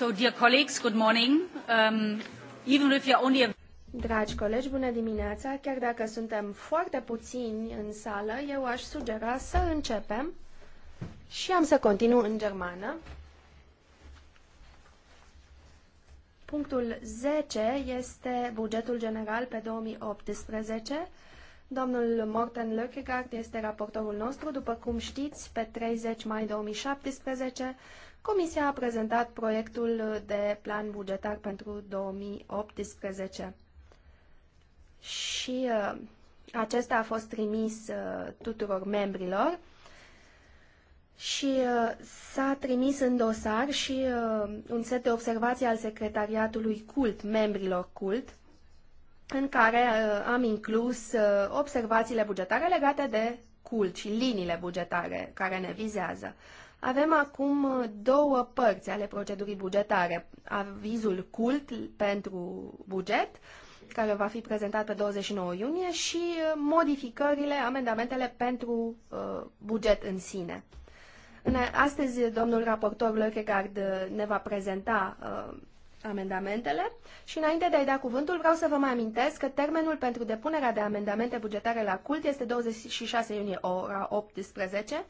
So, dear colleagues, good morning. Um, even if you're only a... Dragi colegi, bună dimineața! Chiar dacă suntem foarte puțini în sală, eu aș sugera să începem și am să continu în germană. Punctul 10 este bugetul general pe 2018 Domnul Morten Lökegaard este raportorul nostru. După cum știți, pe 30 mai 2017, Comisia a prezentat proiectul de plan bugetar pentru 2018. Și uh, acesta a fost trimis uh, tuturor membrilor și uh, s-a trimis în dosar și uh, un set de observații al secretariatului CULT, membrilor CULT, în care uh, am inclus uh, observațiile bugetare legate de cult și liniile bugetare care ne vizează. Avem acum uh, două părți ale procedurii bugetare. Avizul cult pentru buget, care va fi prezentat pe 29 iunie, și modificările, amendamentele pentru uh, buget în sine. astăzi, domnul raportor Lăchegard ne va prezenta uh, amendamentele și înainte de a-i da cuvântul vreau să vă mai amintesc că termenul pentru depunerea de amendamente bugetare la cult este 26 iunie ora 18,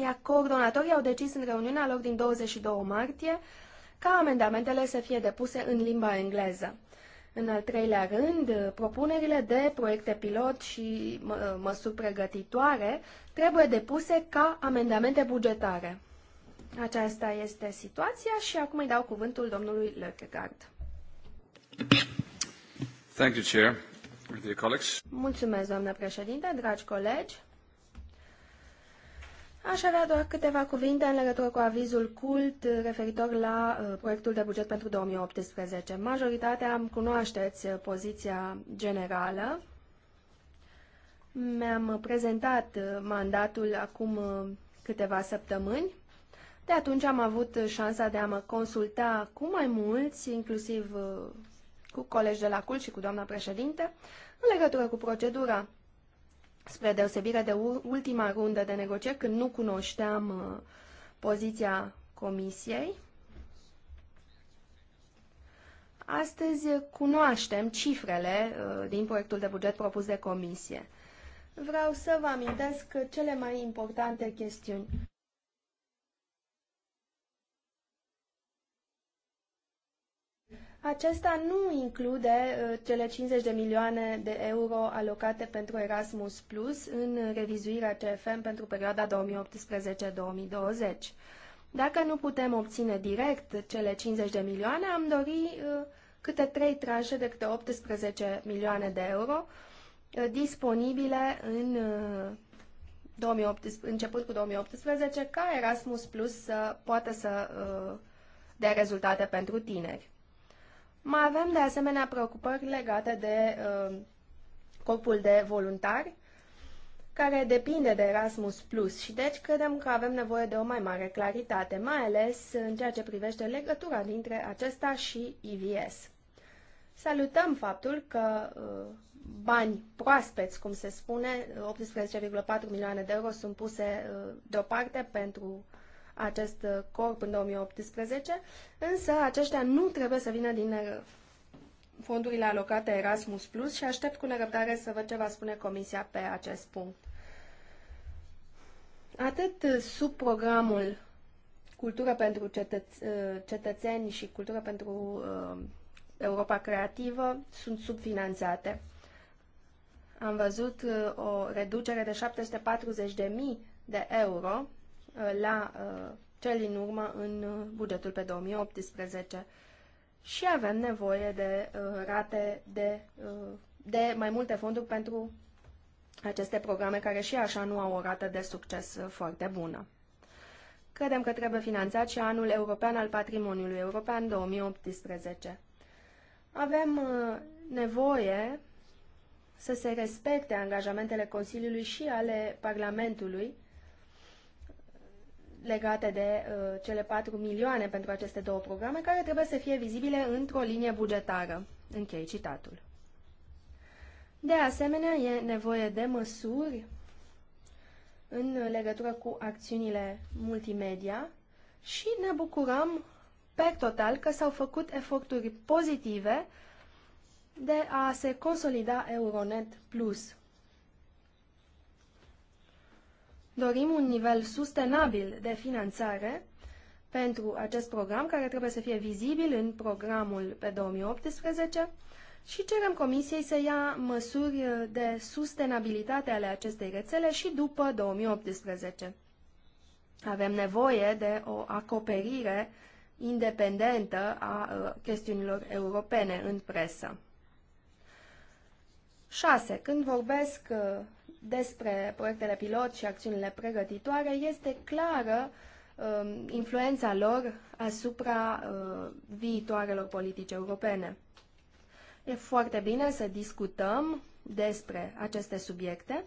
iar coordonatorii au decis în reuniunea lor din 22 martie ca amendamentele să fie depuse în limba engleză. În al treilea rând, propunerile de proiecte pilot și măsuri pregătitoare trebuie depuse ca amendamente bugetare. Aceasta este situația și acum îi dau cuvântul domnului Lökegaard. Thank you, Chair. Dear colleagues. Mulțumesc, doamnă președinte, dragi colegi. Aș avea doar câteva cuvinte în legătură cu avizul cult referitor la uh, proiectul de buget pentru 2018. Majoritatea îmi cunoașteți uh, poziția generală. Mi-am prezentat uh, mandatul acum câteva săptămâni de atunci am avut șansa de a mă consulta cu mai mulți, inclusiv uh, cu colegi de la CUL și cu doamna președinte, în legătură cu procedura. Spre deosebire de ultima rundă de negocieri, când nu cunoșteam uh, poziția comisiei, astăzi cunoaștem cifrele uh, din proiectul de buget propus de comisie. Vreau să vă amintesc cele mai importante chestiuni. Acesta nu include uh, cele 50 de milioane de euro alocate pentru Erasmus Plus în revizuirea CFM pentru perioada 2018-2020. Dacă nu putem obține direct cele 50 de milioane, am dori uh, câte trei tranșe de câte 18 milioane de euro uh, disponibile în 2018, început cu 2018 ca Erasmus Plus să poată să dea rezultate pentru tineri. Mai avem de asemenea preocupări legate de uh, corpul de voluntari, care depinde de Erasmus Plus și deci credem că avem nevoie de o mai mare claritate, mai ales în ceea ce privește legătura dintre acesta și IVS. Salutăm faptul că uh, bani proaspeți, cum se spune, 18,4 milioane de euro sunt puse uh, deoparte pentru uh, acest uh, corp în 2018, însă aceștia nu trebuie să vină din uh, fondurile alocate Erasmus Plus și aștept cu nerăbdare să văd ce va spune Comisia pe acest punct. Atât uh, sub programul Cultură pentru cetăț- cetățeni și Cultură pentru Europa Creativă sunt subfinanțate. Am văzut o reducere de 740.000 de euro Uh, la uh, cel din urmă în uh, bugetul pe 2018 și avem nevoie de rate de, de mai multe fonduri pentru aceste programe care și așa nu au o rată de succes foarte bună. Credem că trebuie finanțat și anul european al patrimoniului european 2018. Avem nevoie să se respecte angajamentele Consiliului și ale Parlamentului legate de uh, cele 4 milioane pentru aceste două programe, care trebuie să fie vizibile într-o linie bugetară. Închei citatul. De asemenea, e nevoie de măsuri în legătură cu acțiunile multimedia și ne bucurăm pe total că s-au făcut eforturi pozitive de a se consolida Euronet Plus. Dorim un nivel sustenabil de finanțare pentru acest program, care trebuie să fie vizibil în programul pe 2018 și cerem Comisiei să ia măsuri de sustenabilitate ale acestei rețele și după 2018. Avem nevoie de o acoperire independentă a uh, chestiunilor europene în presă. 6. Când vorbesc uh, despre proiectele pilot și acțiunile pregătitoare, este clară uh, influența lor asupra uh, viitoarelor politici europene. E foarte bine să discutăm despre aceste subiecte.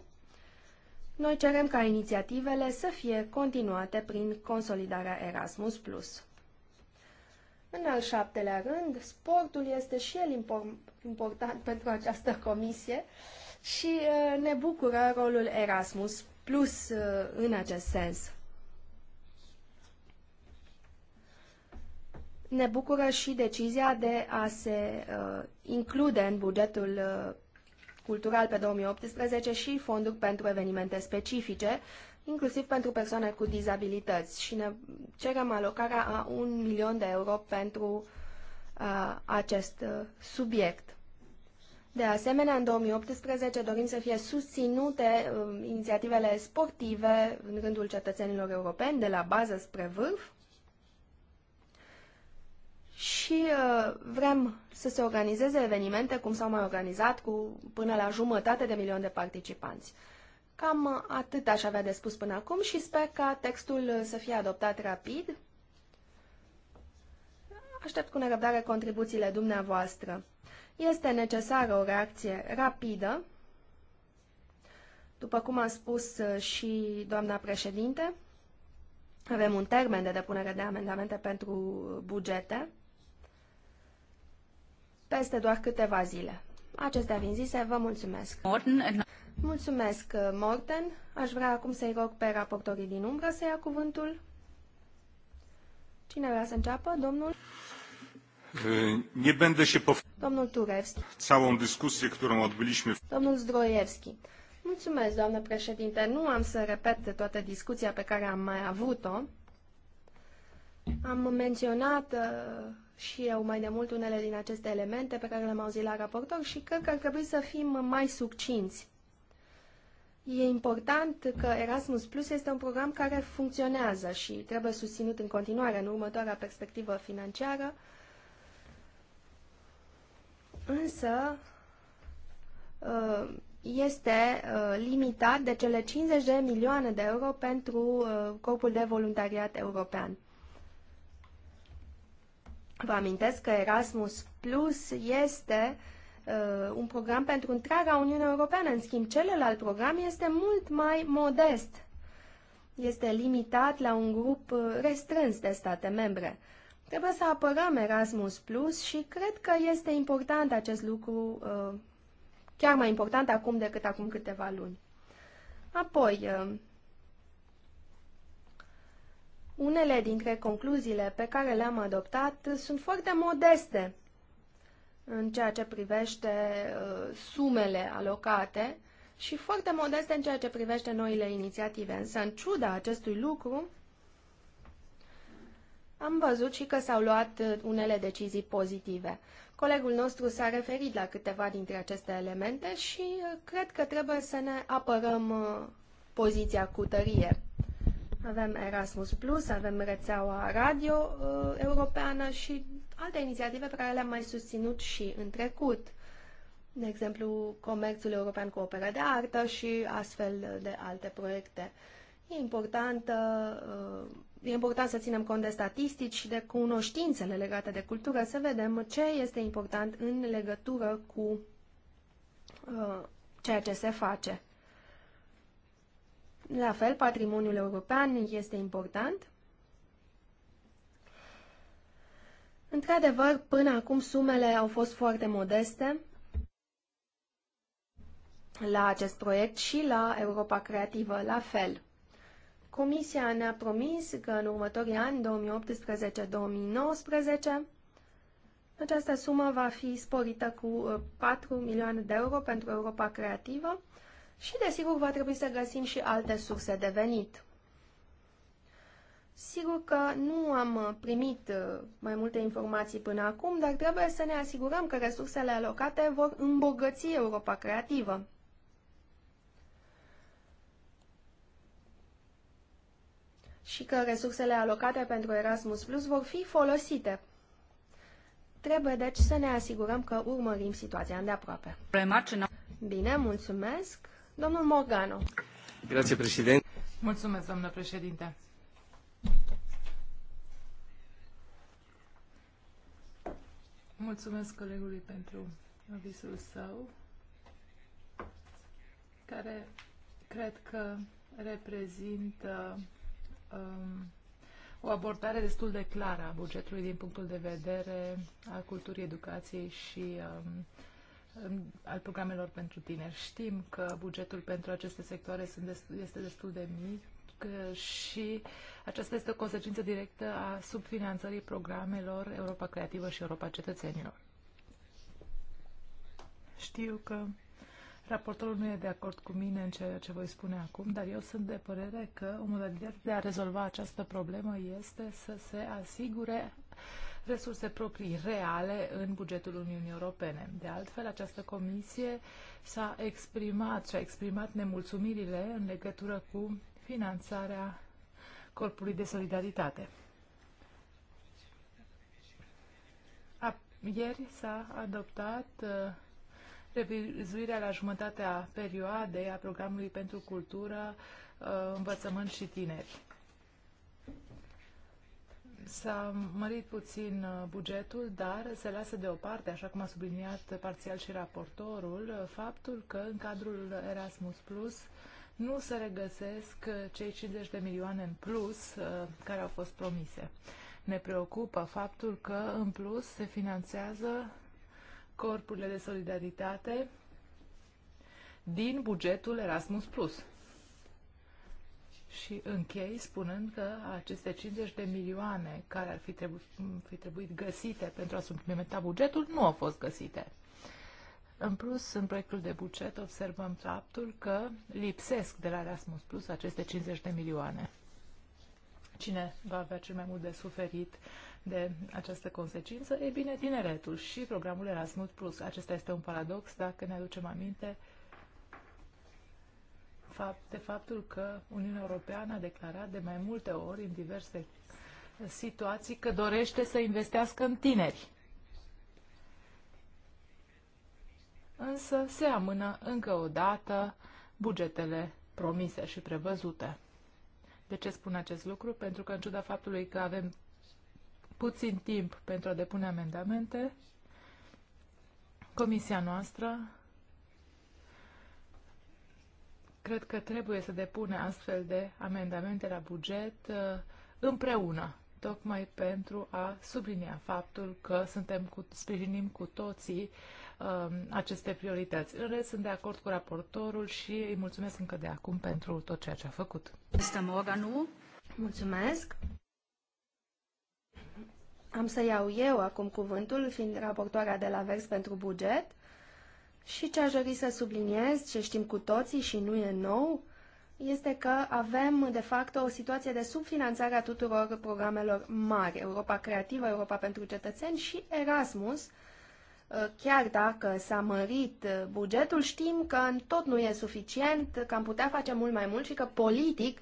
Noi cerem ca inițiativele să fie continuate prin consolidarea Erasmus+. În al șaptelea rând, sportul este și el important pentru această comisie. Uh, și uh, ne bucură rolul Erasmus Plus uh, în acest sens. Ne bucură și decizia de a se uh, include în bugetul uh, cultural pe 2018 și fonduri pentru evenimente specifice, inclusiv pentru persoane cu dizabilități. Și ne cerem alocarea a un milion de euro pentru uh, acest uh, subiect. De asemenea, în 2018 dorim să fie susținute um, inițiativele sportive în rândul cetățenilor europeni, de la bază spre vârf. Și uh, vrem să se organizeze evenimente cum s-au mai organizat cu până la jumătate de milion de participanți. Cam atât aș avea de spus până acum și sper ca textul uh, să fie adoptat rapid. Aștept cu nerăbdare contribuțiile dumneavoastră. Este necesară o reacție rapidă, după cum a spus uh, și doamna președinte, avem un termen de depunere de amendamente pentru bugete peste doar câteva zile. Acestea fiind zise, vă mulțumesc. Morten. Mulțumesc, uh, Morten. Aș vrea acum să-i rog pe raportorii din umbră să ia cuvântul. Cine vrea să înceapă? Domnul? Nie będę się Domnul Turewski. Całą dyskusję, którą odbyliśmy. Domnul Zdrojewski. Mulțumesc, doamnă președinte. Nu am să repet toată discuția pe care am mai avut-o. Am menționat uh, și eu mai demult unele din aceste elemente pe care le-am auzit la raportor și cred că ar trebui să fim mai succinți. E important că Erasmus Plus este un program care funcționează și trebuie susținut în continuare în următoarea perspectivă financiară însă uh, este uh, limitat de cele 50 de milioane de euro pentru uh, Corpul de Voluntariat European. Vă amintesc că Erasmus Plus este uh, un program pentru întreaga Uniune Europeană. În schimb, celălalt program este mult mai modest. Este limitat la un grup restrâns de state membre. Trebuie să apărăm Erasmus Plus și cred că este important acest lucru, uh, chiar mai important acum decât acum câteva luni. Apoi, uh, unele dintre concluziile pe care le-am adoptat sunt foarte modeste în ceea ce privește uh, sumele alocate și foarte modeste în ceea ce privește noile inițiative. Însă, în ciuda acestui lucru, am văzut și că s-au luat uh, unele decizii pozitive. Colegul nostru s-a referit la câteva dintre aceste elemente și uh, cred că trebuie să ne apărăm uh, poziția cu tărie. Avem Erasmus Plus, avem rețeaua radio europeană și alte inițiative pe care le-am mai susținut și în trecut. De exemplu, comerțul european cu opera de artă și astfel de alte proiecte. E importantă uh, E important să ținem cont de statistici și de cunoștințele legate de cultură, să vedem ce este important în legătură cu uh, ceea ce se face. La fel, patrimoniul european este important. Într-adevăr, până acum sumele au fost foarte modeste la acest proiect și la Europa Creativă la fel. Comisia ne-a promis că în următorii ani, 2018-2019, această sumă va fi sporită cu 4 uh, milioane de euro pentru Europa Creativă și, desigur, va trebui să găsim și alte surse de venit. Sigur că nu am uh, primit uh, mai multe informații până acum, dar trebuie să ne asigurăm că resursele alocate vor îmbogăți Europa Creativă. și că resursele alocate pentru Erasmus Plus vor fi folosite. Trebuie deci să ne asigurăm că urmărim situația îndeaproape. Bine, mulțumesc. Domnul Morgano. Grazie, președinte. Mulțumesc, doamnă președinte. Mulțumesc colegului pentru avisul său, care cred că reprezintă um, o abordare destul de clară a bugetului din punctul de vedere al culturii, educației și um, um al programelor pentru tineri. Știm că bugetul pentru aceste sectoare sunt destul, este destul de mic uh, și aceasta este o consecință directă a subfinanțării programelor Europa Creativă și Europa Cetățenilor. Știu că Raportorul nu e de acord cu mine în ceea ce voi spune acum, dar eu sunt de părere că o modalitate de a rezolva această problemă este să se asigure resurse proprii reale în bugetul Uniunii Europene. De altfel, această comisie s-a exprimat și a exprimat nemulțumirile în legătură cu finanțarea Corpului de Solidaritate. ieri s-a adoptat uh, revizuirea la jumătatea perioadei a programului pentru cultură, uh, învățământ și tineri. S-a mărit puțin uh, bugetul, dar se lasă deoparte, așa cum a subliniat parțial și raportorul, uh, faptul că în cadrul Erasmus Plus nu se regăsesc cei 50 de milioane în plus care au fost promise. Ne preocupă faptul că, în plus, se finanțează corpurile de solidaritate din bugetul Erasmus+. Plus. Și închei spunând că aceste 50 de milioane care ar fi, trebuit, fi trebuit găsite pentru a suplimenta bugetul nu au fost găsite. În plus, în proiectul de buget observăm faptul că lipsesc de la Erasmus Plus aceste 50 de milioane. Cine va avea cel mai mult de suferit de această consecință? E bine, tineretul și programul Erasmus Plus. Acesta este un paradox dacă ne aducem aminte de faptul că Uniunea Europeană a declarat de mai multe ori în diverse situații că dorește să investească în tineri. Însă se amână încă o dată bugetele promise și prevăzute. De ce spun acest lucru? Pentru că, în ciuda faptului că avem puțin timp pentru a depune amendamente, comisia noastră cred că trebuie să depune astfel de amendamente la buget uh, împreună, tocmai pentru a sublinia faptul că suntem cu, sprijinim cu toții Um, aceste priorități. În rest, sunt de acord cu raportorul și îi mulțumesc încă de acum pentru tot ceea ce a făcut. Mulțumesc! Am să iau eu acum cuvântul, fiind raportoarea de la vers pentru buget. Și ce aș dori să subliniez, ce știm cu toții și nu e nou, este că avem, de fapt, o situație de subfinanțare a tuturor programelor mari, Europa Creativă, Europa pentru Cetățeni și Erasmus, Uh, chiar dacă s-a mărit uh, bugetul, știm că tot nu e suficient, că am putea face mult mai mult și că politic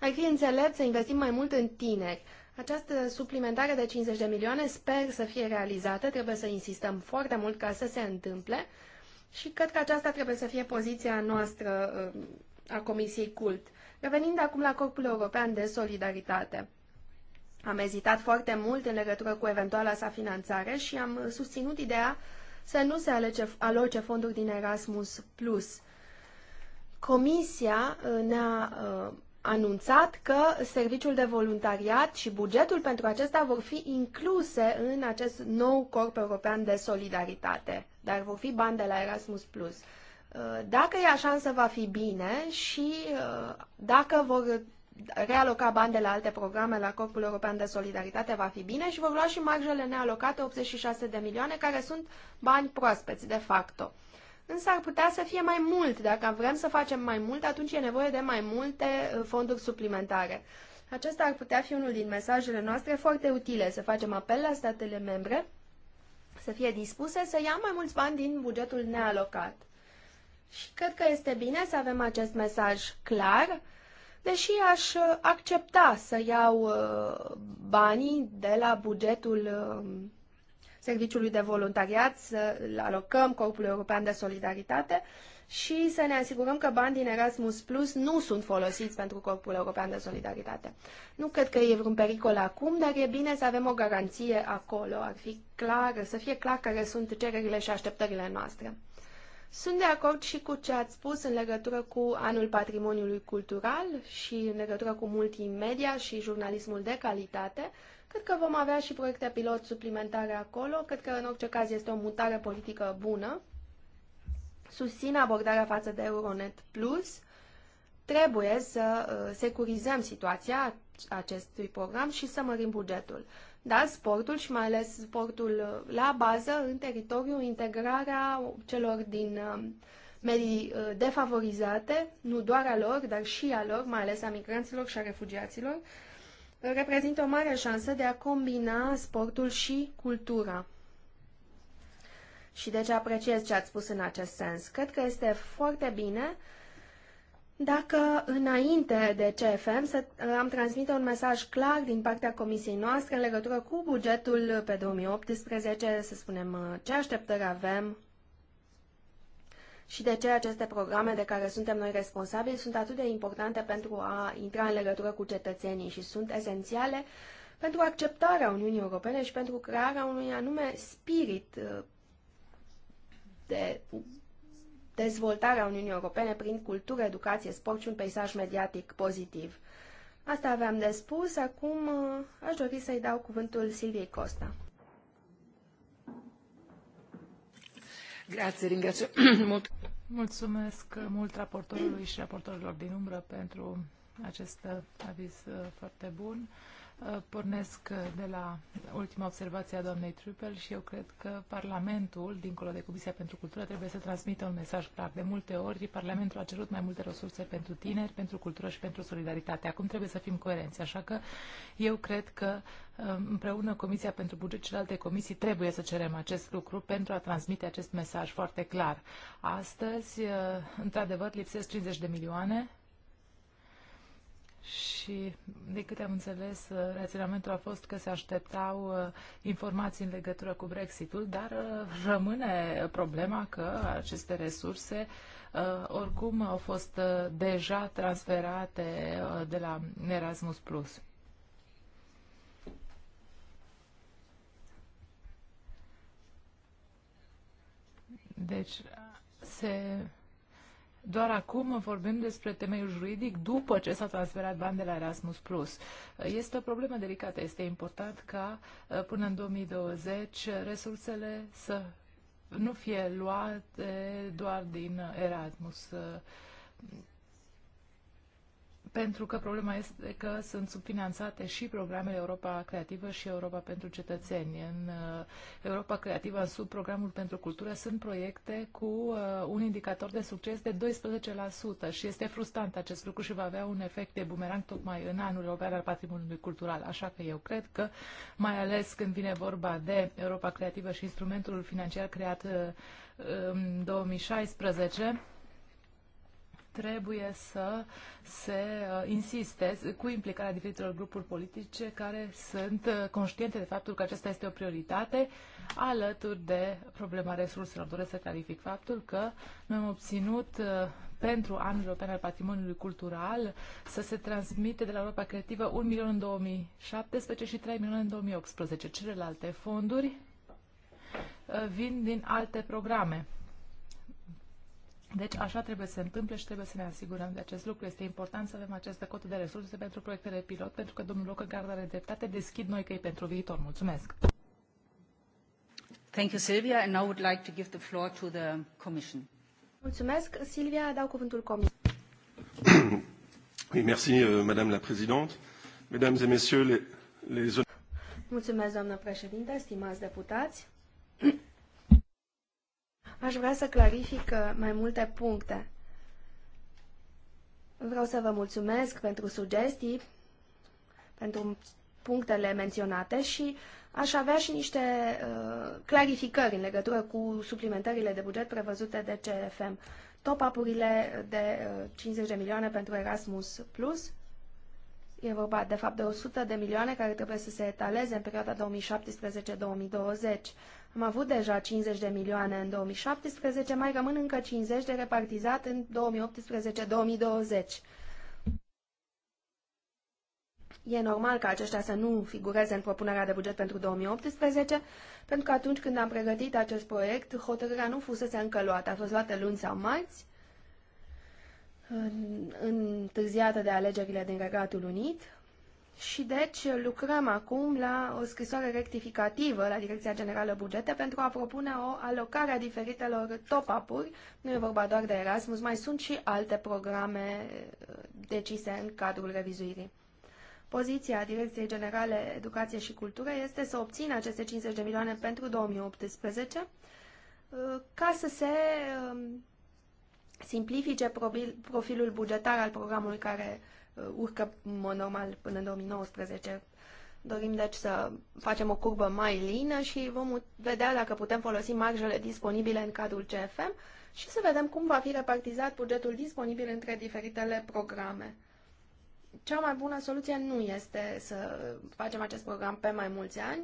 ar fi înțelept să investim mai mult în tineri. Această suplimentare de 50 de milioane sper să fie realizată, trebuie să insistăm foarte mult ca să se întâmple și cred că aceasta trebuie să fie poziția noastră uh, a Comisiei Cult. Revenind acum la Corpul European de Solidaritate. Am ezitat foarte mult în legătură cu eventuala sa finanțare și am susținut ideea să nu se alege, aloce fonduri din Erasmus+. Plus. Comisia uh, ne-a uh, anunțat că serviciul de voluntariat și bugetul pentru acesta vor fi incluse în acest nou corp european de solidaritate, dar vor fi bani de la Erasmus+. Plus. Uh, dacă e așa, însă va fi bine și uh, dacă vor realoca bani de la alte programe la Corpul European de Solidaritate va fi bine și vor lua și marjele nealocate, 86 de milioane, care sunt bani proaspeți, de facto. Însă ar putea să fie mai mult. Dacă vrem să facem mai mult, atunci e nevoie de mai multe uh, fonduri suplimentare. Acesta ar putea fi unul din mesajele noastre foarte utile, să facem apel la statele membre să fie dispuse să ia mai mulți bani din bugetul nealocat. Și cred că este bine să avem acest mesaj clar, deși aș uh, accepta să iau uh, banii de la bugetul um, Serviciului de Voluntariat, să-l alocăm Corpului European de Solidaritate și să ne asigurăm că bani din Erasmus Plus nu sunt folosiți pentru Corpul European de Solidaritate. Nu cred că e vreun pericol acum, dar e bine să avem o garanție acolo, ar fi clar, să fie clar care sunt cererile și așteptările noastre. Sunt de acord și cu ce ați spus în legătură cu anul patrimoniului cultural și în legătură cu multimedia și jurnalismul de calitate. Cred că vom avea și proiecte pilot suplimentare acolo. Cred că, în orice caz, este o mutare politică bună. Susțin abordarea față de Euronet Plus. Trebuie să uh, securizăm situația acestui program și să mărim bugetul da, sportul și mai ales sportul uh, la bază în teritoriu, integrarea celor din uh, medii uh, defavorizate, nu doar a lor, dar și a lor, mai ales a migranților și a refugiaților, reprezintă o mare șansă de a combina sportul și cultura. Și deci apreciez ce ați spus în acest sens. Cred că este foarte bine dacă înainte de CFM să, am transmite un mesaj clar din partea comisiei noastre în legătură cu bugetul pe 2018, să spunem uh, ce așteptări avem și de ce aceste programe de care suntem noi responsabili sunt atât de importante pentru a intra în legătură cu cetățenii și sunt esențiale pentru acceptarea Uniunii Europene și pentru crearea unui anume spirit uh, de dezvoltarea Uniunii Europene prin cultură, educație, sport și un peisaj mediatic pozitiv. Asta aveam de spus. Acum uh, aș dori să-i dau cuvântul Silviei Costa. Grazie, ringrazio mult. Mulțumesc mult raportorului și raportorilor din umbră pentru acest aviz uh, foarte bun. Uh, pornesc uh, de la ultima observație a doamnei Trupel și eu cred că Parlamentul, dincolo de Comisia pentru Cultură, trebuie să transmită un mesaj clar. De multe ori, Parlamentul a cerut mai multe resurse pentru tineri, pentru cultură și pentru solidaritate. Acum trebuie să fim coerenți, așa că eu cred că uh, împreună Comisia pentru Buget și alte comisii trebuie să cerem acest lucru pentru a transmite acest mesaj foarte clar. Astăzi, într-adevăr, lipsesc 50 de milioane și, de câte am înțeles, uh, reținamentul a fost că se așteptau uh, informații în legătură cu Brexitul, dar uh, rămâne problema că aceste resurse oricum au fost deja transferate de la Erasmus+. Plus. Deci se doar acum vorbim despre temeiul juridic după ce s-a transferat bani de la Erasmus+. Plus. Este o problemă delicată. Este important ca uh, până în 2020 resursele să nu fie luate doar din Erasmus uh, pentru că problema este că sunt subfinanțate și programele Europa Creativă și Europa pentru Cetățeni. În uh, Europa Creativă, în subprogramul pentru cultură, sunt proiecte cu uh, un indicator de succes de 12% și este frustrant acest lucru și va avea un efect de bumerang tocmai în anul european al patrimoniului cultural. Așa că eu cred că, mai ales când vine vorba de Europa Creativă și instrumentul financiar creat uh, în 2016, trebuie să se uh, insiste cu implicarea diferitelor grupuri politice care sunt uh, conștiente de faptul că acesta este o prioritate alături de problema resurselor. Doresc să clarific faptul că noi am obținut uh, pentru anul european al patrimoniului cultural să se transmite de la Europa Creativă 1 milion în 2017 și 3 milioane în 2018. Celelalte fonduri vin din alte programe deci așa trebuie să se întâmple și trebuie să ne asigurăm de acest lucru. Este important să avem această cotă de resurse pentru proiectele pilot, pentru că domnul Locăgard are dreptate, deschid noi căi pentru viitor. Mulțumesc! Thank you, Silvia, and now would like to give the floor to the Commission. Mulțumesc, Silvia, dau cuvântul Comisiei. oui, merci, euh, Madame la Présidente. Mesdames et Messieurs, les... les... Mulțumesc, doamnă președinte, stimați deputați. Aș vrea să clarific uh, mai multe puncte. Vreau să vă mulțumesc pentru sugestii, pentru punctele menționate și aș avea și niște uh, clarificări în legătură cu suplimentările de buget prevăzute de CFM. Top-up-urile de uh, 50 de milioane pentru Erasmus+, Plus. e vorba de fapt de 100 de milioane care trebuie să se etaleze în perioada 2017-2020. Am avut deja 50 de milioane în 2017, mai rămân încă 50 de repartizat în 2018-2020. E normal ca aceștia să nu figureze în propunerea de buget pentru 2018, pentru că atunci când am pregătit acest proiect, hotărârea nu fusese încă luată, a fost luată luni sau marți, întârziată de alegerile din Regatul Unit și deci lucrăm acum la o scrisoare rectificativă la Direcția Generală Bugete pentru a propune o alocare a diferitelor top-up-uri. Nu e vorba doar de Erasmus, mai sunt și alte programe uh, decise în cadrul revizuirii. Poziția Direcției Generale Educație și Cultură este să obțină aceste 50 de milioane pentru 2018 uh, ca să se um, simplifice profilul bugetar al programului care Uh, urcă în normal până în 2019. Dorim deci să facem o curbă mai lină și vom vedea dacă putem folosi marjele disponibile în cadrul CFM și să vedem cum va fi repartizat bugetul disponibil între diferitele programe. Cea mai bună soluție nu este să facem acest program pe mai mulți ani.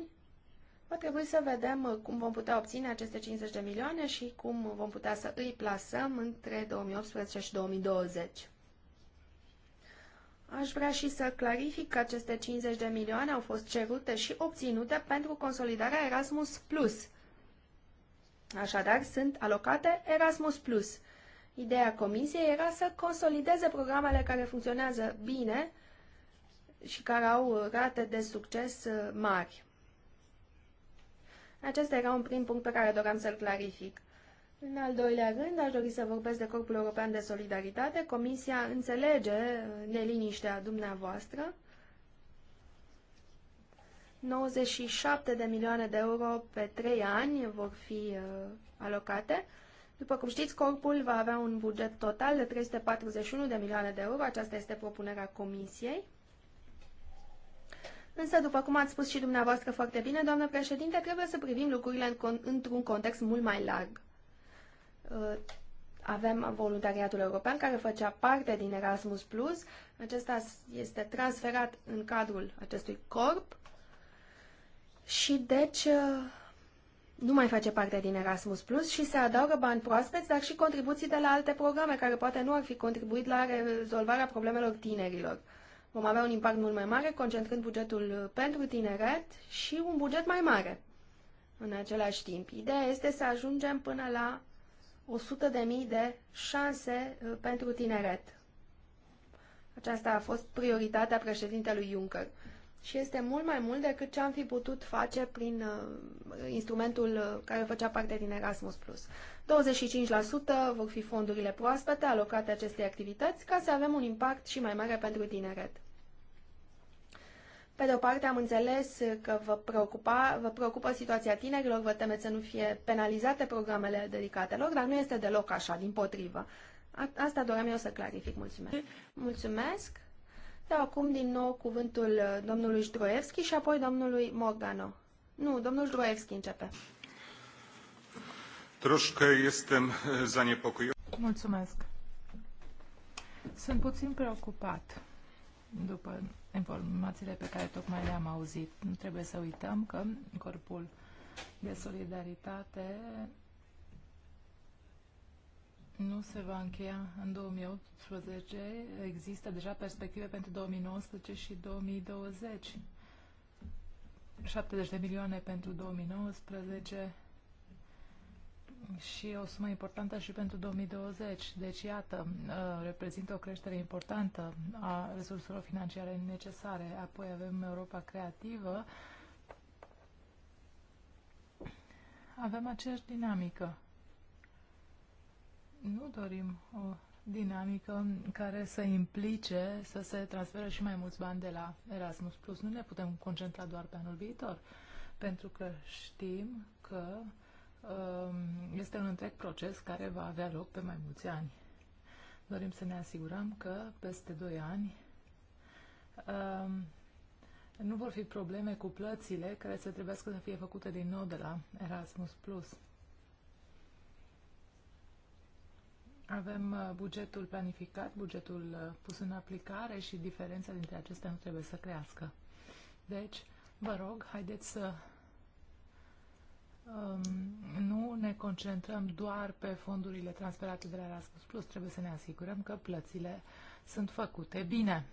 Va trebui să vedem uh, cum vom putea obține aceste 50 de milioane și cum vom putea să îi plasăm între 2018 și 2020. Aș vrea și să clarific că aceste 50 de milioane au fost cerute și obținute pentru consolidarea Erasmus+. Așadar, sunt alocate Erasmus+. Ideea comisiei era să consolideze programele care funcționează bine și care au rate de succes uh, mari. Acesta era un prim punct pe care doream să-l clarific. În al doilea rând, aș dori să vorbesc de Corpul European de Solidaritate. Comisia înțelege uh, neliniștea dumneavoastră. 97 de milioane de euro pe 3 ani vor fi uh, alocate. După cum știți, corpul va avea un buget total de 341 de milioane de euro. Aceasta este propunerea Comisiei. Însă, după cum ați spus și dumneavoastră foarte bine, doamnă președinte, trebuie să privim lucrurile într-un context mult mai larg. Uh, avem voluntariatul european care făcea parte din Erasmus+. Plus. Acesta este transferat în cadrul acestui corp și deci uh, nu mai face parte din Erasmus Plus și se adaugă bani proaspeți, dar și contribuții de la alte programe care poate nu ar fi contribuit la rezolvarea problemelor tinerilor. Vom avea un impact mult mai mare, concentrând bugetul pentru tineret și un buget mai mare în același timp. Ideea este să ajungem până la 100.000 de șanse uh, pentru tineret. Aceasta a fost prioritatea președintelui Juncker și este mult mai mult decât ce am fi putut face prin uh, instrumentul uh, care făcea parte din Erasmus+. 25% vor fi fondurile proaspete alocate acestei activități ca să avem un impact și mai mare pentru tineret. Pe de o parte am înțeles că vă, preocupa, vă preocupă situația tinerilor, vă temeți să nu fie penalizate programele dedicate lor, dar nu este deloc așa, din potrivă. A, asta doream eu să clarific. Mulțumesc. Mulțumesc. Dau acum din nou cuvântul domnului Zdroevski și apoi domnului Morgano. Nu, domnul Zdroevski începe. Troșcă este zanepocuit. Mulțumesc. Sunt puțin preocupat după informațiile pe care tocmai le-am auzit. Nu trebuie să uităm că Corpul de Solidaritate nu se va încheia în 2018. Există deja perspective pentru 2019 și 2020. 70 de milioane pentru 2019, și o sumă importantă și pentru 2020. Deci, iată, uh, reprezintă o creștere importantă a resurselor financiare necesare. Apoi avem Europa Creativă. Avem aceeași dinamică. Nu dorim o dinamică care să implice să se transferă și mai mulți bani de la Erasmus+. Plus. Nu ne putem concentra doar pe anul viitor, pentru că știm că Um, este un întreg proces care va avea loc pe mai mulți ani. Dorim să ne asigurăm că peste 2 ani um, nu vor fi probleme cu plățile care se trebuie să fie făcute din nou de la Erasmus+. Avem uh, bugetul planificat, bugetul uh, pus în aplicare și diferența dintre acestea nu trebuie să crească. Deci, vă rog, haideți să nu ne concentrăm doar pe fondurile transferate de la Erasmus Plus, trebuie să ne asigurăm că plățile sunt făcute bine.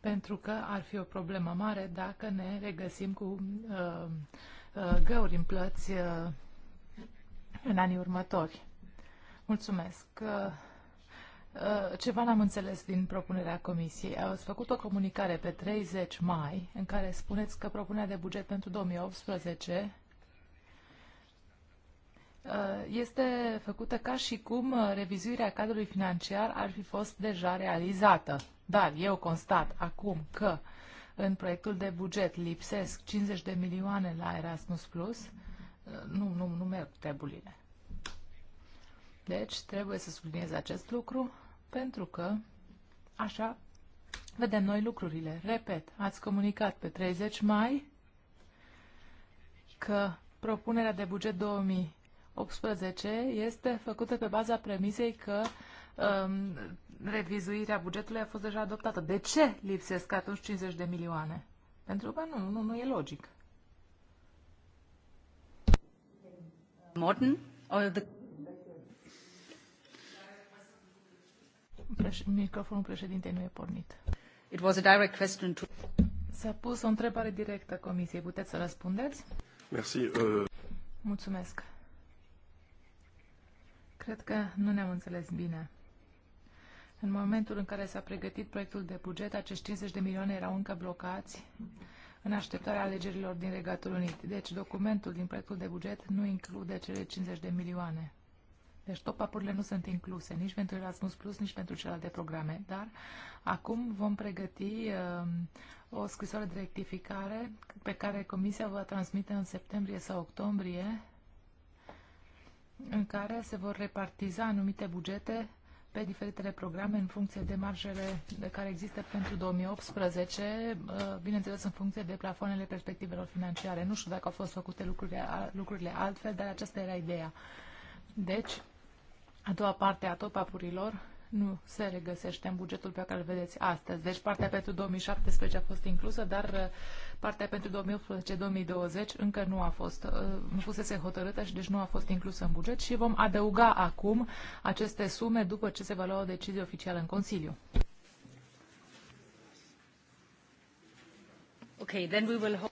Pentru că ar fi o problemă mare dacă ne regăsim cu uh, uh, găuri în plăți uh, în anii următori. Mulțumesc! Uh, Uh, ceva n-am înțeles din propunerea Comisiei. Ați făcut o comunicare pe 30 mai în care spuneți că propunerea de buget pentru 2018 uh, este făcută ca și cum uh, revizuirea cadrului financiar ar fi fost deja realizată. Dar eu constat acum că în proiectul de buget lipsesc 50 de milioane la Erasmus+, Plus. nu, nu, nu merg treburile. Deci trebuie să subliniez acest lucru pentru că așa vedem noi lucrurile. Repet, ați comunicat pe 30 mai că propunerea de buget 2018 este făcută pe baza premisei că um, revizuirea bugetului a fost deja adoptată. De ce lipsesc atunci 50 de milioane? Pentru că nu, nu, nu e logic. Morten, Or the microfonul președintei nu e pornit. It was a direct question to... S-a pus o întrebare directă Comisiei. Puteți să răspundeți? Merci. Uh... Mulțumesc. Cred că nu ne-am înțeles bine. În momentul în care s-a pregătit proiectul de buget, acești 50 de milioane erau încă blocați în așteptarea alegerilor din Regatul Unit. Deci documentul din proiectul de buget nu include cele 50 de milioane. Deci top up nu sunt incluse nici pentru Erasmus Plus, nici pentru celelalte programe, dar acum vom pregăti uh, o scrisoare de rectificare pe care Comisia va transmite în septembrie sau octombrie, în care se vor repartiza anumite bugete pe diferitele programe în funcție de marjele care există pentru 2018, uh, bineînțeles în funcție de plafoanele perspectivelor financiare. Nu știu dacă au fost făcute lucrurile, lucrurile altfel, dar aceasta era ideea. Deci, a doua parte a topapurilor nu se regăsește în bugetul pe care îl vedeți astăzi. Deci partea pentru 2017 a fost inclusă, dar uh, partea pentru 2018-2020 încă nu a fost, uh, nu fusese hotărâtă și deci nu a fost inclusă în buget și vom adăuga acum aceste sume după ce se va lua o decizie oficială în Consiliu. Okay, then we will...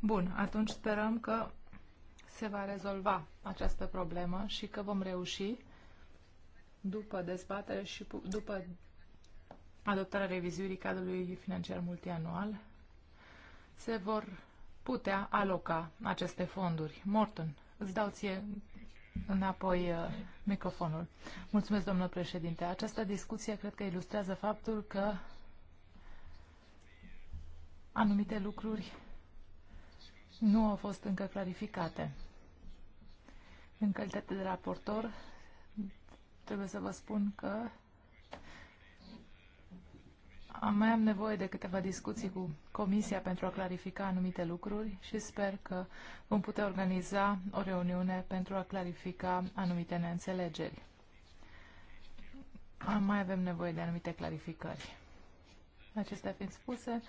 Bun, atunci sperăm că se va rezolva această problemă și că vom reuși după dezbatere și după adoptarea revizuirii cadrului financiar multianual, se vor putea aloca aceste fonduri. Morton, îți dau ție înapoi uh, microfonul. Mulțumesc, domnule președinte. Această discuție cred că ilustrează faptul că anumite lucruri nu au fost încă clarificate. În calitate de raportor, trebuie să vă spun că am mai am nevoie de câteva discuții cu Comisia pentru a clarifica anumite lucruri și sper că vom putea organiza o reuniune pentru a clarifica anumite neînțelegeri. Mai avem nevoie de anumite clarificări. Acestea fiind spuse,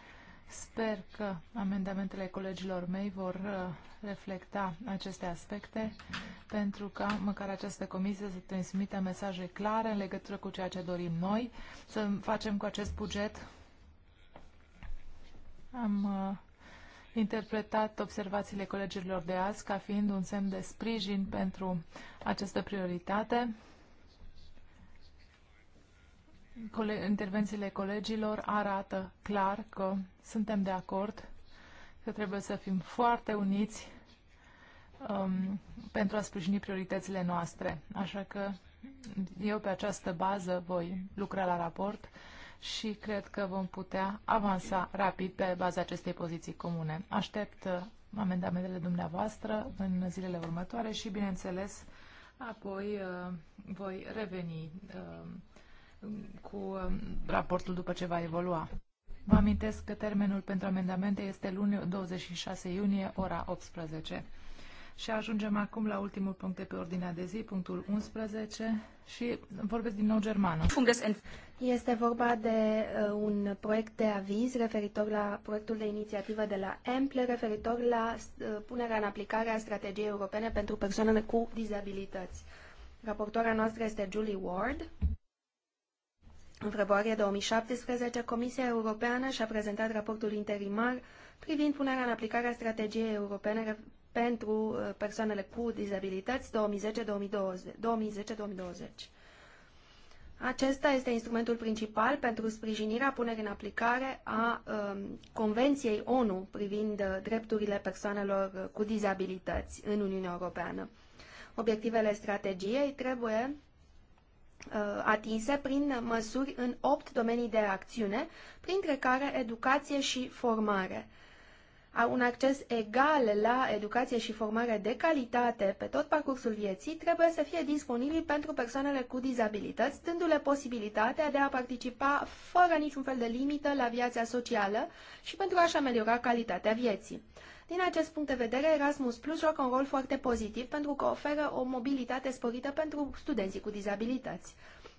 Sper că amendamentele colegilor mei vor uh, reflecta aceste aspecte pentru ca măcar această comisie să transmită mesaje clare în legătură cu ceea ce dorim noi, să facem cu acest buget. Am uh, interpretat observațiile colegilor de azi ca fiind un semn de sprijin pentru această prioritate intervențiile colegilor arată clar că suntem de acord, că trebuie să fim foarte uniți um, pentru a sprijini prioritățile noastre. Așa că eu pe această bază voi lucra la raport și cred că vom putea avansa rapid pe baza acestei poziții comune. Aștept uh, amendamentele dumneavoastră în zilele următoare și, bineînțeles, apoi uh, voi reveni uh, cu um, raportul după ce va evolua. Vă amintesc că termenul pentru amendamente este luni 26 iunie, ora 18. Și ajungem acum la ultimul punct de pe ordinea de zi, punctul 11, și vorbesc din nou germană. Este vorba de uh, un proiect de aviz referitor la proiectul de inițiativă de la EMPLE, referitor la uh, punerea în aplicare a strategiei europene pentru persoanele cu dizabilități. Raportoarea noastră este Julie Ward. În februarie 2017, Comisia Europeană și-a prezentat raportul interimar privind punerea în aplicare a strategiei europene pentru uh, persoanele cu dizabilități 2010-2020. Acesta este instrumentul principal pentru sprijinirea punerii în aplicare a um, Convenției ONU privind uh, drepturile persoanelor uh, cu dizabilități în Uniunea Europeană. Obiectivele strategiei trebuie Uh, atinse prin măsuri în opt domenii de acțiune, printre care educație și formare. Au un acces egal la educație și formare de calitate pe tot parcursul vieții trebuie să fie disponibil pentru persoanele cu dizabilități, dându-le posibilitatea de a participa fără niciun fel de limită la viața socială și pentru a-și ameliora calitatea vieții. Din acest punct de vedere, Erasmus Plus joacă un rol foarte pozitiv pentru că oferă o mobilitate sporită pentru studenții cu dizabilități.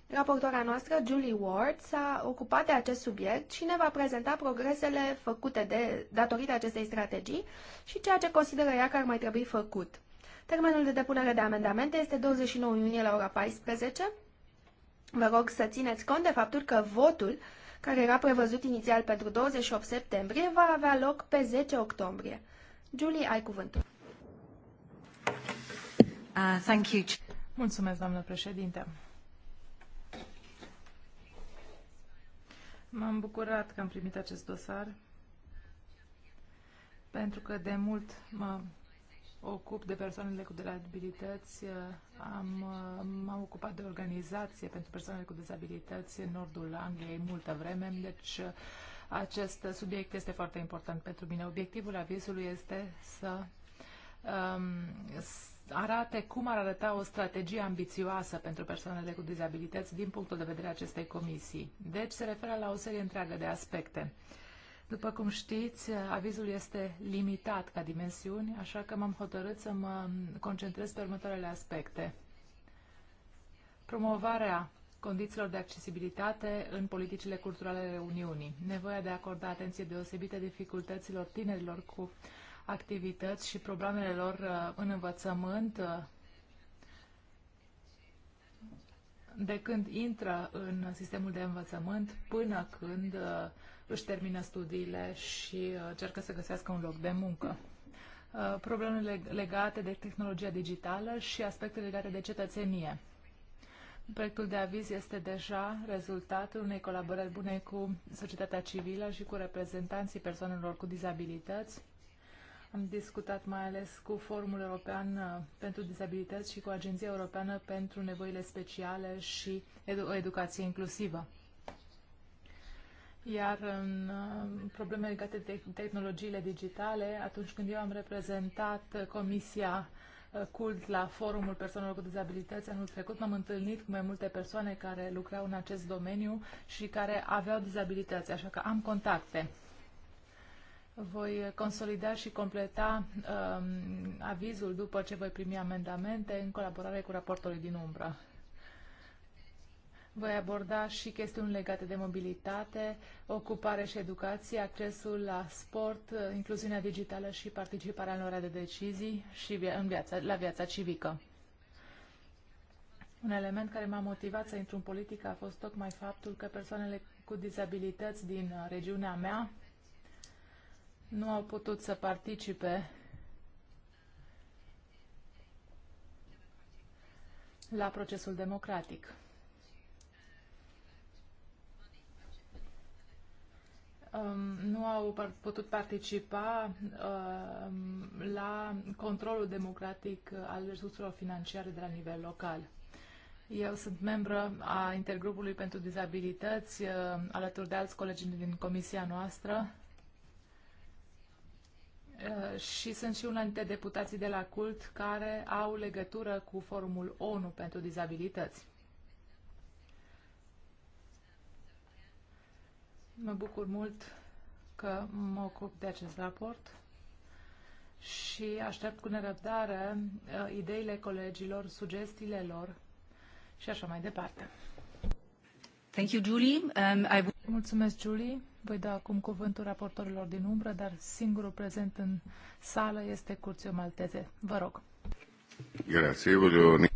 Raportoarea noastră, Julie Ward, s-a ocupat de acest subiect și ne va prezenta progresele făcute de, datorită acestei strategii și ceea ce consideră ea că ar mai trebui făcut. Termenul de depunere de amendamente este 29 iunie la ora 14. Vă rog să țineți cont de faptul că votul, care era prevăzut inițial pentru 28 septembrie, va avea loc pe 10 octombrie. Julie, ai cuvântul. Uh, thank you. Mulțumesc, doamnă președinte. M-am bucurat că am primit acest dosar, pentru că de mult mă ocup de persoanele cu dizabilități. Uh, am, uh, m-am ocupat de organizație pentru persoanele cu dizabilități în nordul Angliei multă vreme, deci uh, acest subiect este foarte important pentru mine. Obiectivul avizului este să um, arate cum ar arăta o strategie ambițioasă pentru persoanele cu dizabilități din punctul de vedere acestei comisii. Deci se referă la o serie întreagă de aspecte. După cum știți, avizul este limitat ca dimensiuni, așa că m-am hotărât să mă concentrez pe următoarele aspecte. Promovarea condițiilor de accesibilitate în politicile culturale ale Uniunii, nevoia de a acorda atenție deosebită dificultăților tinerilor cu activități și problemele lor uh, în învățământ uh, de când intră în sistemul de învățământ până când uh, își termină studiile și încearcă să găsească un loc de muncă problemele legate de tehnologia digitală și aspecte legate de cetățenie. Proiectul de aviz este deja rezultatul unei colaborări bune cu societatea civilă și cu reprezentanții persoanelor cu dizabilități. Am discutat mai ales cu Forumul European uh, pentru Dizabilități și cu Agenția Europeană pentru Nevoile Speciale și edu o Educație Inclusivă. Iar în uh, probleme legate de tehnologiile digitale, atunci când eu am reprezentat uh, Comisia Uh, cult la Forumul Persoanelor cu Dizabilități. Anul trecut m-am întâlnit cu mai multe persoane care lucrau în acest domeniu și care aveau dizabilități, așa că am contacte. Voi consolida și completa um, avizul după ce voi primi amendamente în colaborare cu raportorii din umbră. Voi aborda și chestiuni legate de mobilitate, ocupare și educație, accesul la sport, incluziunea digitală și participarea în de decizii și în viața, la viața civică. Un element care m-a motivat să intru în politică a fost tocmai faptul că persoanele cu dizabilități din uh, regiunea mea nu au putut să participe la procesul democratic. Um, nu au putut participa um, la controlul democratic al resurselor financiare de la nivel local. Eu sunt membră a Intergrupului pentru Dizabilități, uh, alături de alți colegi din comisia noastră uh, și sunt și una dintre deputații de la CULT care au legătură cu Forumul ONU pentru Dizabilități. Mă bucur mult că mă ocup de acest raport și aștept cu nerăbdare uh, ideile colegilor, sugestiile lor și așa mai departe. Thank you, Julie. Um, I... Mulțumesc, Julie. Voi da acum cuvântul raportorilor din umbră, dar singurul prezent în sală este Curțiu Malteze. Vă rog. Grazie,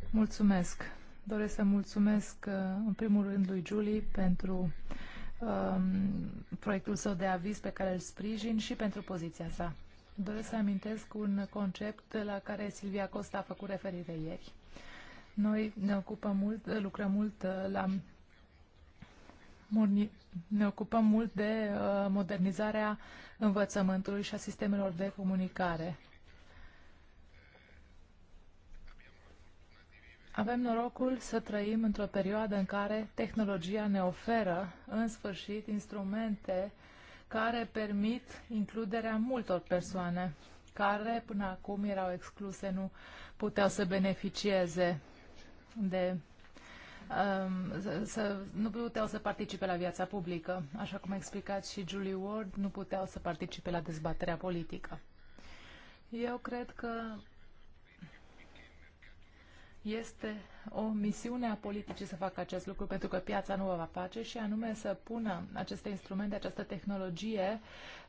Mulțumesc. Doresc să mulțumesc uh, în primul rând lui Julie pentru uh, um, proiectul său de aviz pe care îl sprijin și pentru poziția sa. Doresc să amintesc un concept la care Silvia Costa a făcut referire ieri. Noi ne ocupăm mult, lucrăm mult uh, la ne ocupăm mult de uh, modernizarea învățământului și a sistemelor de comunicare. Avem norocul să trăim într-o perioadă în care tehnologia ne oferă, în sfârșit, instrumente care permit includerea multor persoane care până acum erau excluse, nu puteau să beneficieze de um, să, să, nu puteau să participe la viața publică. Așa cum a explicat și Julie Ward, nu puteau să participe la dezbaterea politică. Eu cred că este o misiune a politicii să facă acest lucru, pentru că piața nu o va face și anume să pună aceste instrumente, această tehnologie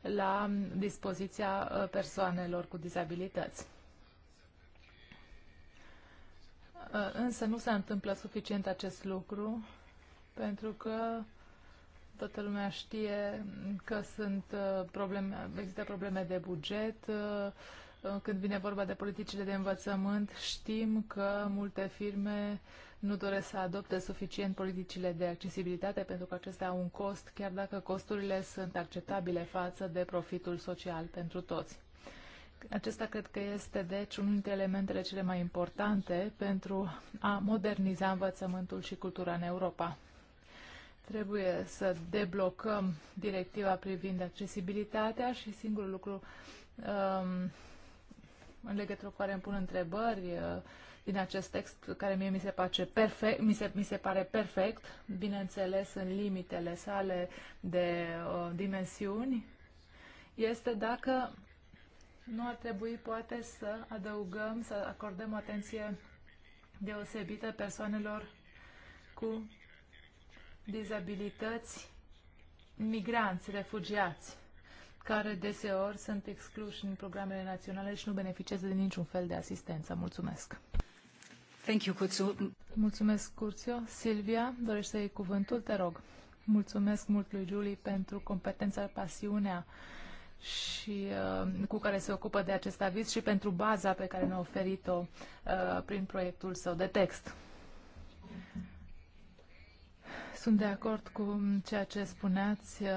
la dispoziția uh, persoanelor cu dizabilități. Uh, însă nu se întâmplă suficient acest lucru, pentru că toată lumea știe că sunt uh, probleme, există probleme de buget, când vine vorba de politicile de învățământ, știm că multe firme nu doresc să adopte suficient politicile de accesibilitate pentru că acestea au un cost, chiar dacă costurile sunt acceptabile față de profitul social pentru toți. Acesta cred că este, deci, unul dintre elementele cele mai importante pentru a moderniza învățământul și cultura în Europa. Trebuie să deblocăm directiva privind accesibilitatea și singurul lucru um, în legătură cu care îmi pun întrebări uh, din acest text, care mie mi se, pace perfect, mi se, mi se pare perfect, bineînțeles în limitele sale de uh, dimensiuni, este dacă nu ar trebui poate să adăugăm, să acordăm atenție deosebită persoanelor cu dizabilități, migranți, refugiați care deseori sunt excluși în programele naționale și nu beneficiază de niciun fel de asistență. Mulțumesc! Thank you, Kutsu. Mulțumesc, Curțio. Silvia, dorești să iei cuvântul? Te rog. Mulțumesc mult lui Julie pentru competența, pasiunea și uh, cu care se ocupă de acest aviz și pentru baza pe care ne-a oferit-o uh, prin proiectul său de text. Sunt de acord cu ceea ce spuneați uh,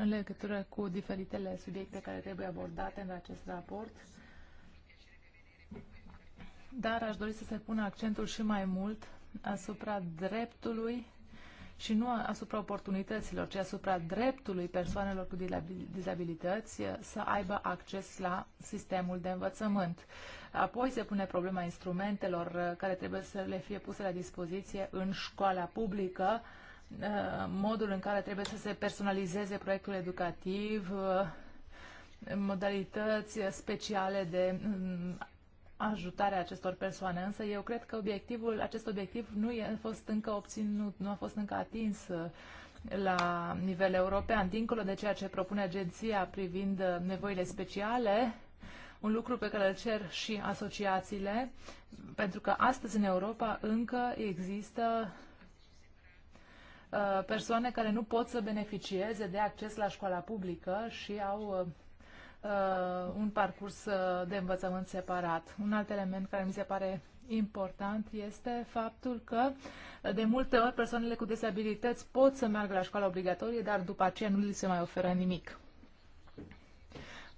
în legătură cu diferitele subiecte care trebuie abordate în acest raport, dar aș dori să se pună accentul și mai mult asupra dreptului și nu asupra oportunităților, ci asupra dreptului persoanelor cu dizabilități uh, să aibă acces la sistemul de învățământ. Apoi se pune problema instrumentelor uh, care trebuie să le fie puse la dispoziție în școala publică Uh, modul în care trebuie să se personalizeze proiectul educativ, uh, modalități speciale de mm, ajutarea acestor persoane. Însă eu cred că obiectivul, acest obiectiv nu a fost încă obținut, nu a fost încă atins uh, la nivel european, dincolo de ceea ce propune agenția privind nevoile speciale, un lucru pe care îl cer și asociațiile, pentru că astăzi în Europa încă există Uh, persoane care nu pot să beneficieze de acces la școala publică și au uh, uh, un parcurs de învățământ separat. Un alt element care mi se pare important este faptul că de multe ori persoanele cu dizabilități pot să meargă la școală obligatorie, dar după aceea nu li se mai oferă nimic.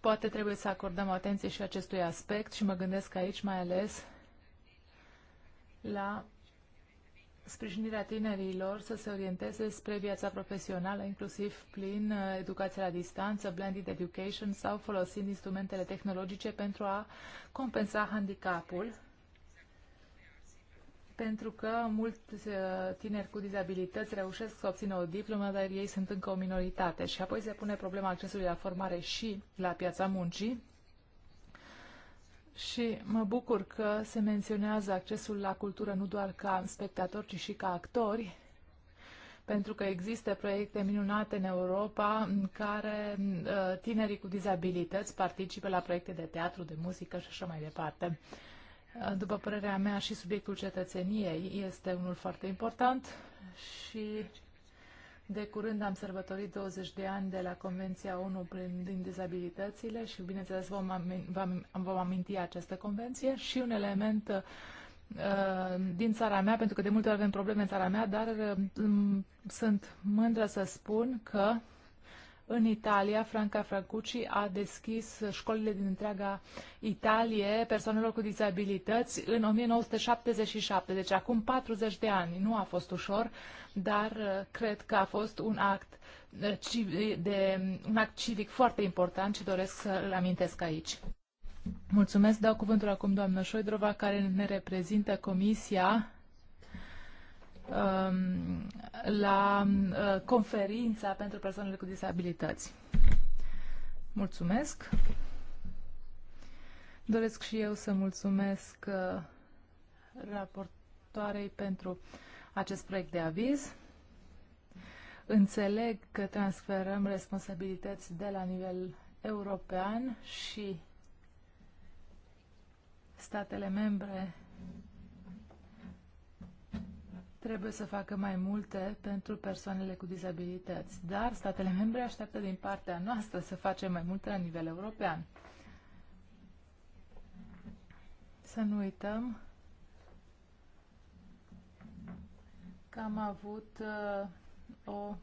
Poate trebuie să acordăm atenție și acestui aspect și mă gândesc aici mai ales la sprijinirea tinerilor să se orienteze spre viața profesională, inclusiv prin uh, educație la distanță, blended education sau folosind instrumentele tehnologice pentru a compensa handicapul. Pentru că mulți uh, tineri cu dizabilități reușesc să obțină o diplomă, dar ei sunt încă o minoritate. Și apoi se pune problema accesului la formare și la piața muncii și mă bucur că se menționează accesul la cultură nu doar ca spectatori, ci și ca actori, pentru că există proiecte minunate în Europa în care uh, tinerii cu dizabilități participă la proiecte de teatru, de muzică și așa mai departe. Uh, după părerea mea, și subiectul cetățeniei este unul foarte important și de curând am sărbătorit 20 de ani de la Convenția ONU privind dizabilitățile și, bineînțeles, vom, am, vom aminti această convenție și un element uh, din țara mea, pentru că de multe ori avem probleme în țara mea, dar uh, sunt mândră să spun că în Italia, Franca Francucci a deschis școlile din întreaga Italie persoanelor cu dizabilități în 1977, deci acum 40 de ani. Nu a fost ușor, dar uh, cred că a fost un act, uh, de, un act civic foarte important și doresc să-l amintesc aici. Mulțumesc, dau cuvântul acum doamnă Șoidrova, care ne reprezintă Comisia Um, la uh, conferința pentru persoanele cu disabilități. Mulțumesc! Doresc și eu să mulțumesc uh, raportoarei pentru acest proiect de aviz. Înțeleg că transferăm responsabilități de la nivel european și statele membre trebuie să facă mai multe pentru persoanele cu dizabilități, dar statele membre așteaptă din partea noastră să facem mai multe la nivel european. Să nu uităm că am avut uh, o,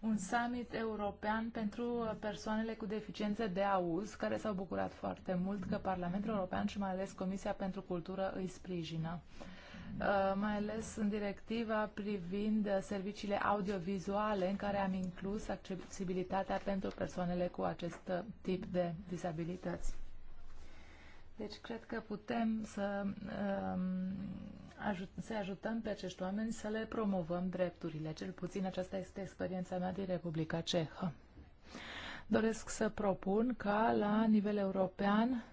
un summit european pentru uh, persoanele cu deficiențe de auz, care s-au bucurat foarte mult că Parlamentul European și mai ales Comisia pentru Cultură îi sprijină. Uh, Uh, mai ales în directiva privind uh, serviciile audiovizuale, în care am inclus accesibilitatea pentru persoanele cu acest uh, tip de disabilități. Deci cred că putem să um, ajut, să ajutăm pe acești oameni să le promovăm drepturile. Cel puțin aceasta este experiența mea din Republica Cehă. Doresc să propun ca la nivel european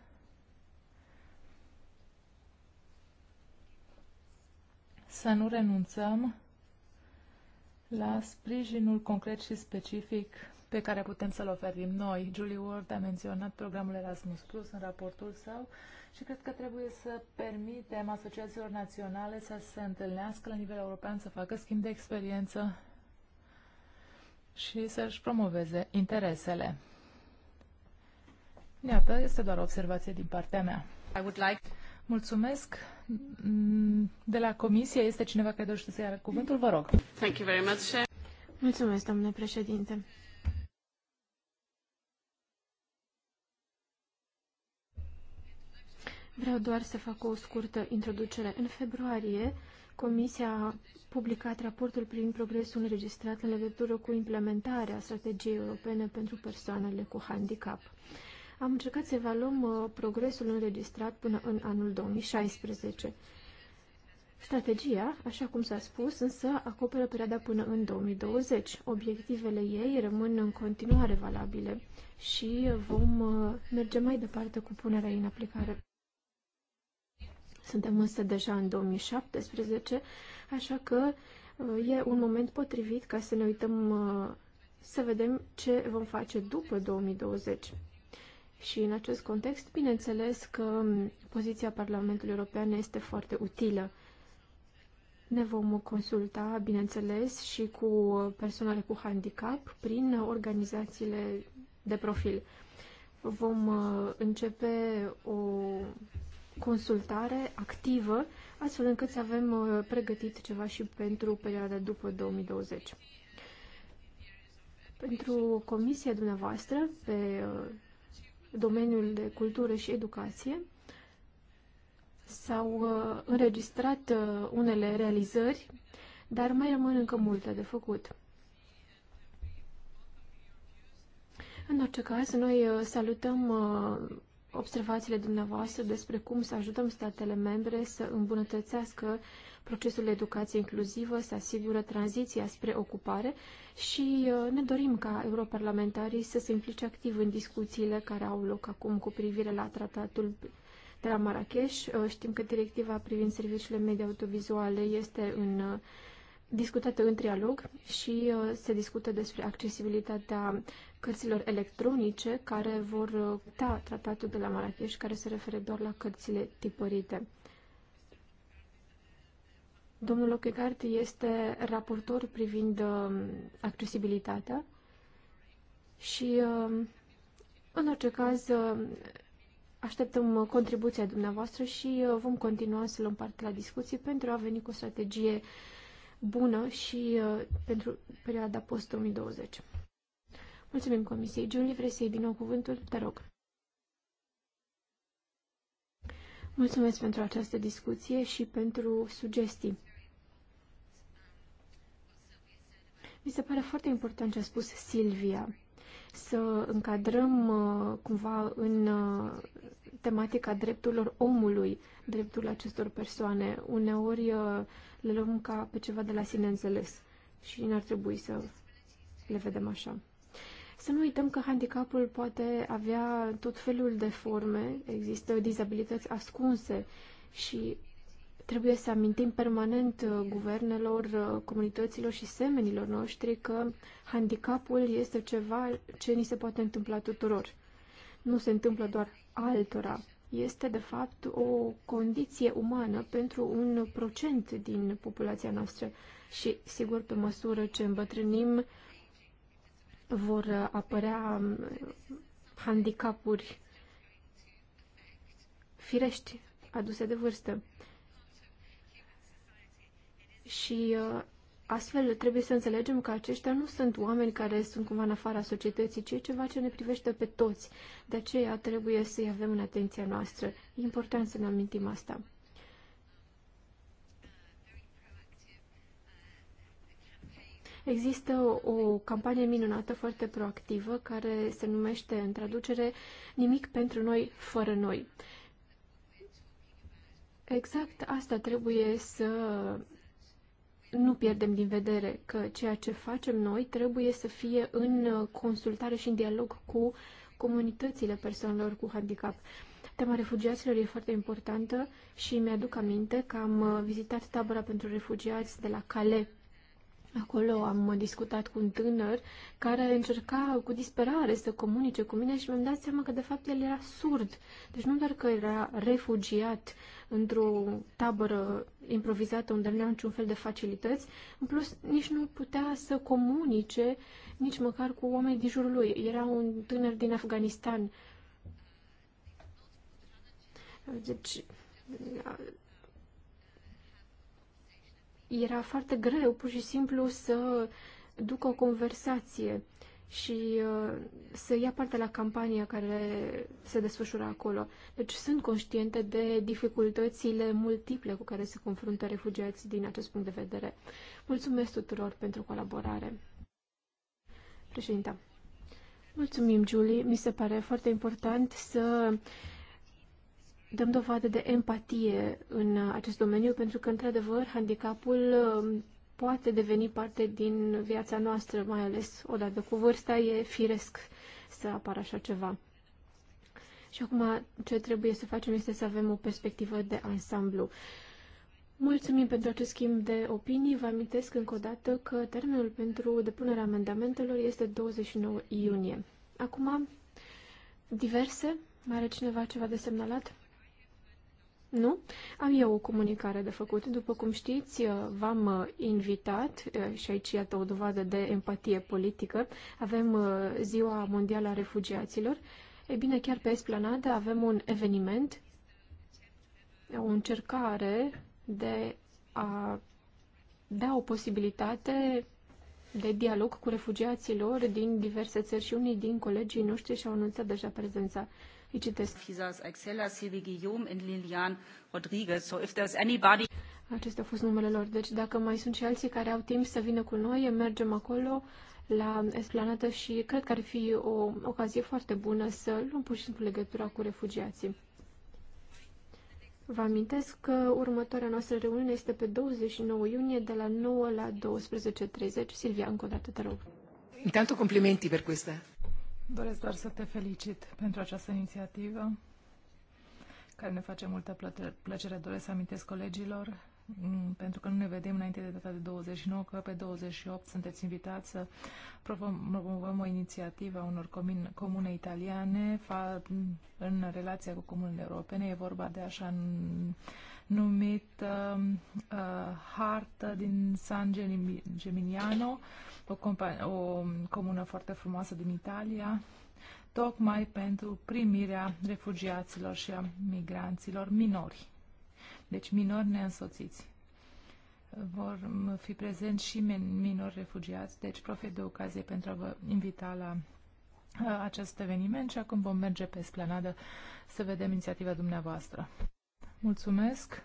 să nu renunțăm la sprijinul concret și specific pe care putem să-l oferim noi. Julie Ward a menționat programul Erasmus Plus în raportul său și cred că trebuie să permitem asociațiilor naționale să se întâlnească la nivel european, să facă schimb de experiență și să-și promoveze interesele. Iată, este doar o observație din partea mea. I would like... Mulțumesc. De la comisie este cineva care dorește să ia cuvântul? Vă rog. Thank you very much. Mulțumesc, domnule președinte. Vreau doar să fac o scurtă introducere. În februarie, Comisia a publicat raportul privind progresul înregistrat în legătură cu implementarea strategiei europene pentru persoanele cu handicap am încercat să evaluăm uh, progresul înregistrat până în anul 2016. Strategia, așa cum s-a spus, însă acoperă perioada până în 2020. Obiectivele ei rămân în continuare valabile și uh, vom uh, merge mai departe cu punerea în aplicare. Suntem însă deja în 2017, așa că e un moment potrivit ca să ne uităm să vedem ce vom face după 2020. Și în acest context, bineînțeles că poziția Parlamentului European este foarte utilă. Ne vom consulta, bineînțeles, și cu persoanele cu handicap prin organizațiile de profil. Vom uh, începe o consultare activă, astfel încât să avem uh, pregătit ceva și pentru perioada după 2020. Pentru comisia dumneavoastră, pe uh, domeniul de cultură și educație, s-au uh, înregistrat uh, unele realizări, dar mai rămân încă multe de făcut. În orice caz, noi uh, salutăm observațiile dumneavoastră despre cum să ajutăm statele membre să îmbunătățească Procesul de educație inclusivă să asigură tranziția spre ocupare și uh, ne dorim ca europarlamentarii să se implice activ în discuțiile care au loc acum cu privire la tratatul de la Marrakesh. Uh, știm că directiva privind serviciile media autovizuale este în uh, discutată în trialog și se discută despre accesibilitatea cărților electronice care vor ta da tratatul de la Marrakesh care se referă doar la cărțile tipărite. Domnul Lockhart este raportor privind um, accesibilitatea și, um, în orice caz, um, așteptăm contribuția dumneavoastră și uh, vom continua să luăm parte la discuții pentru a veni cu o strategie bună și uh, pentru perioada post-2020. Mulțumim Comisiei. Julie, vrei să iei din nou cuvântul? Te rog. Mulțumesc pentru această discuție și pentru sugestii. Mi se pare foarte important ce a spus Silvia, să încadrăm uh, cumva în uh, tematica drepturilor omului, dreptul acestor persoane. Uneori uh, le luăm ca pe ceva de la sine înțeles și n-ar trebui să le vedem așa. Să nu uităm că handicapul poate avea tot felul de forme, există dizabilități ascunse și Trebuie să amintim permanent uh, guvernelor, uh, comunităților și semenilor noștri că handicapul este ceva ce ni se poate întâmpla tuturor. Nu se întâmplă doar altora. Este, de fapt, o condiție umană pentru un procent din populația noastră și, sigur, pe măsură ce îmbătrânim, vor uh, apărea um, handicapuri firești aduse de vârstă. Și uh, astfel trebuie să înțelegem că aceștia nu sunt oameni care sunt cumva în afara societății, ci e ceva ce ne privește pe toți. De aceea trebuie să-i avem în atenția noastră. E important să ne amintim asta. Există o campanie minunată, foarte proactivă, care se numește, în traducere, Nimic pentru noi, fără noi. Exact asta trebuie să nu pierdem din vedere că ceea ce facem noi trebuie să fie în consultare și în dialog cu comunitățile persoanelor cu handicap. Tema refugiaților e foarte importantă și mi-aduc aminte că am vizitat tabăra pentru refugiați de la Calais Acolo am discutat cu un tânăr care încerca cu disperare să comunice cu mine și mi-am dat seama că de fapt el era surd. Deci nu doar că era refugiat într-o tabără improvizată unde nu avea niciun fel de facilități, în plus nici nu putea să comunice nici măcar cu oameni din jurul lui. Era un tânăr din Afganistan. Deci era foarte greu pur și simplu să ducă o conversație și uh, să ia parte la campania care se desfășura acolo. Deci sunt conștiente de dificultățile multiple cu care se confruntă refugiații din acest punct de vedere. Mulțumesc tuturor pentru colaborare. Președinta. Mulțumim, Julie. Mi se pare foarte important să dăm dovadă de empatie în acest domeniu, pentru că, într-adevăr, handicapul um, poate deveni parte din viața noastră, mai ales odată cu vârsta, e firesc să apară așa ceva. Și acum ce trebuie să facem este să avem o perspectivă de ansamblu. Mulțumim pentru acest schimb de opinii. Vă amintesc încă o dată că termenul pentru depunerea amendamentelor este 29 iunie. Acum, diverse. Mai are cineva ceva de semnalat? Nu? Am eu o comunicare de făcut. După cum știți, uh, v-am uh, invitat, uh, și aici iată o dovadă de empatie politică, avem Ziua Mondială a Refugiaților. E bine, chiar pe Esplanada avem un eveniment, o încercare de a da o posibilitate de dialog cu refugiaților din diverse țări și unii din colegii noștri și-au anunțat deja prezența. Îi citesc. Acestea au fost numele lor. Deci dacă mai sunt și alții care au timp să vină cu noi, mergem acolo la esplanată și cred că ar fi o ocazie foarte bună să luăm pur și simplu legătura cu refugiații. Vă amintesc că următoarea noastră reuniune este pe 29 iunie de la 9 la 12.30. Silvia, încă o dată, te rog. Intanto complimenti per questa Doresc doar să te felicit pentru această inițiativă care ne face multă plăcere. Doresc să amintesc colegilor Mm, pentru că nu ne vedem înainte de data de 29, că pe 28 sunteți invitați să promovăm o inițiativă a unor comune, comune italiane în relația cu comunele europene. E vorba de așa numit uh, uh, Hartă din San Geminiano, o, o comună foarte frumoasă din Italia, tocmai pentru primirea refugiaților și a migranților minori deci minori neînsoțiți. Vor fi prezenți și minori refugiați, deci profit de ocazie pentru a vă invita la uh, acest eveniment și acum vom merge pe splanadă să vedem inițiativa dumneavoastră. Mulțumesc!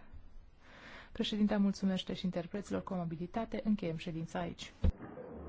Președinta mulțumește și interpreților cu amabilitate. Încheiem ședința aici.